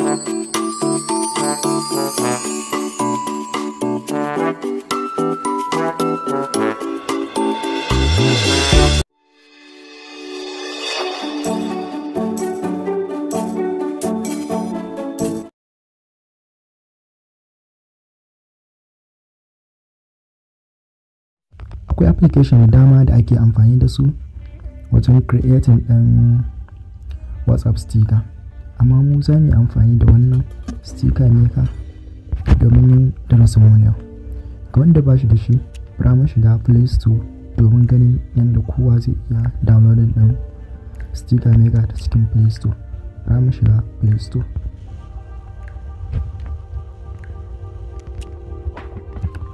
akwai application da dama da ake amfani da su wajen creating um, whatsapp sticker amma mu za mu yi amfani da wannan sticker maker domin yin transmonial ga wanda ba shi da shi fara mu shiga play store domin ganin yadda kowa zai iya downloading ɗin sticker maker ta cikin play store fara mu shiga play store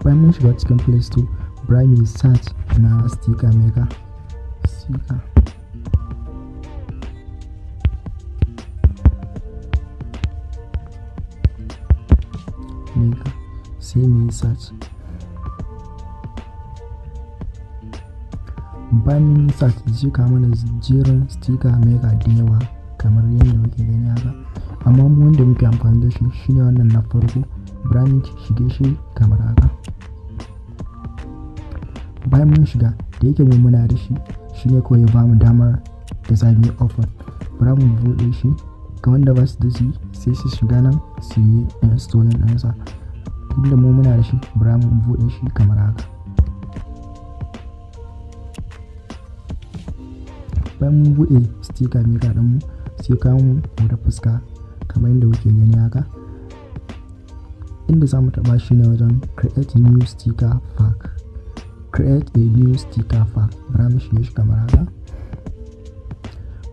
bayan mun shiga cikin play store bari mu search na sticker maker sticker ɗinka sai mu search bayan mana jerin sticker mega da yawa kamar yadda muke gani haka amma mu wanda muke amfani da shi shine wannan na farko branch shige shi kamar haka bayan mun shiga da yake mu muna da shi shine kawai ya bamu damar da zamu offer bara mu buɗe shi ga wanda ba su da shi sai su shiga nan su yi installing ɗinsa inda mu muna da shi bari mu buɗe shi kamar haka bayan mun buɗe sticker maker ɗin mu sai kawo mu wata fuska kamar yadda kuke gani haka inda za mu taɓa shi ne wajen create new sticker pack create a new sticker pack bari mu shige shi kamar haka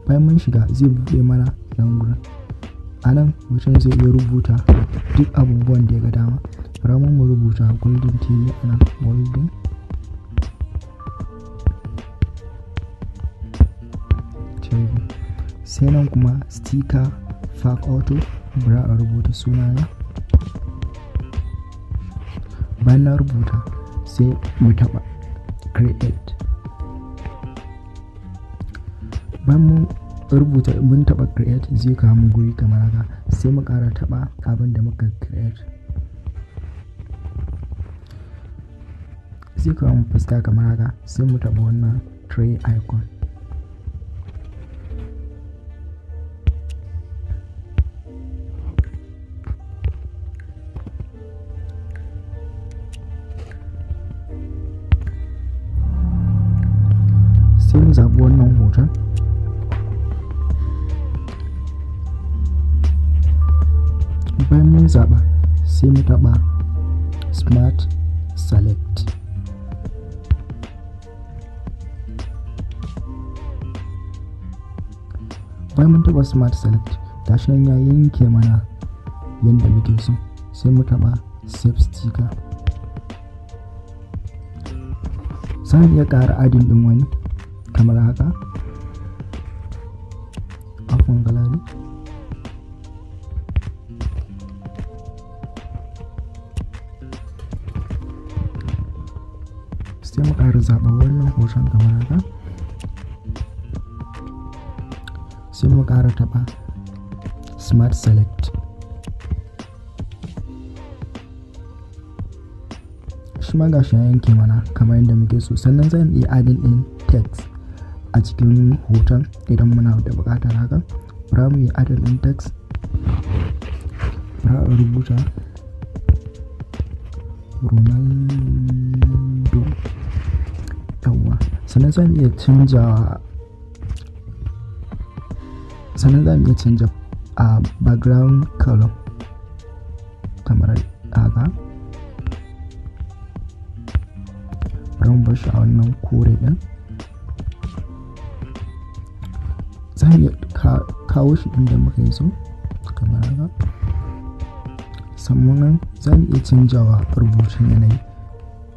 bayan mun shiga zai buɗe mana nan gudun a nan mutum zai iya rubuta duk abubuwan da ya ga dama bari mu rubuta golden tv a nan golden tv sai nan kuma sticker fac auto bra a rubuta sunana bayan na rubuta sai mu taba create bayan rubuta mun taɓa create zai ka mu guri kamar haka sai mu kara taɓa abin da muka create zai kawo mu fuska kamar haka sai mu taɓa wannan tray icon sai mu zaɓi wannan hoton zaɓa sai mu taɓa smart select bayan mun taɓa smart select tashin ya yanke mana yadda muke so sai mu taɓa save sticker sai iya ƙara adin ɗin wani kamar haka afon galari sai mu ƙara zaɓar wannan hoton kamar haka sai mu ƙara taɓa smart select shi ma gashi ya yanke mana kamar yadda muke so sannan zan iya adin ɗin text a cikin hoton idan muna da buƙatar haka bara mu yi adin ɗin text bara a rubuta Ronaldo yawwa sannan za mu iya canja sannan za mu iya canja a background color kamar haka ran mu shi a wannan kore ɗin za mu iya kawo shi inda muka yi so kamar haka sannan za mu iya canjawa rubutun yanayi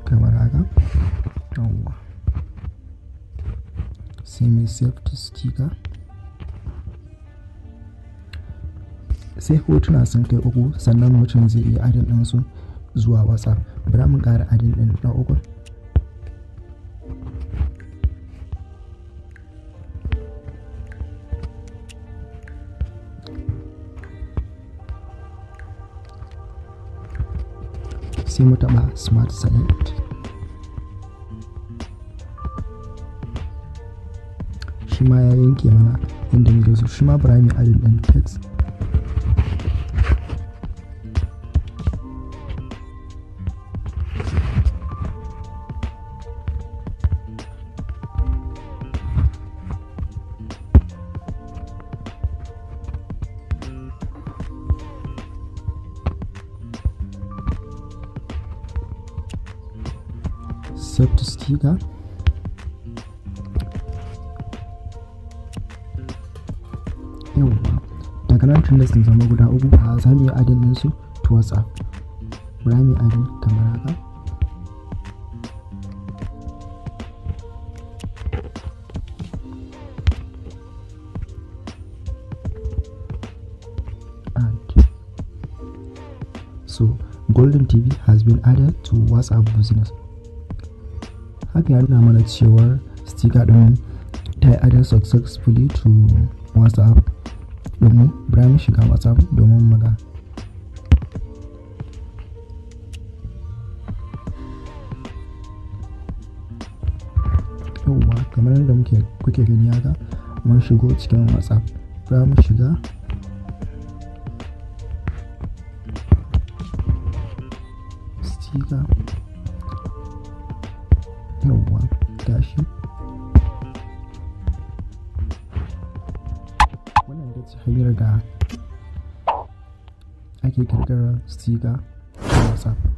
kamar haka yawwa sai sticker sai hotuna sun kai uku sannan mutum zai iya adin ɗinsu zuwa whatsapp bari mu ƙara adin ɗin na uku sai mu taɓa smart select kuma ya yanke mana inda muke so shi ma bara mu adin ɗin text yawwa daga nan tun da sun zama guda uku za mu yi adin su tuwatsa whatsapp za yi adin kamar haka so golden tv has been added to whatsapp business haka ya nuna mana cewar stika ɗin ta yi added successfully to WhatsApp domin bayan shiga WhatsApp domin maga ga yauwa kamar yadda muke kuke gani haka mun shigo cikin WhatsApp bayan shiga sticker yauwa hanyar da ake kirkirar siga a whatsapp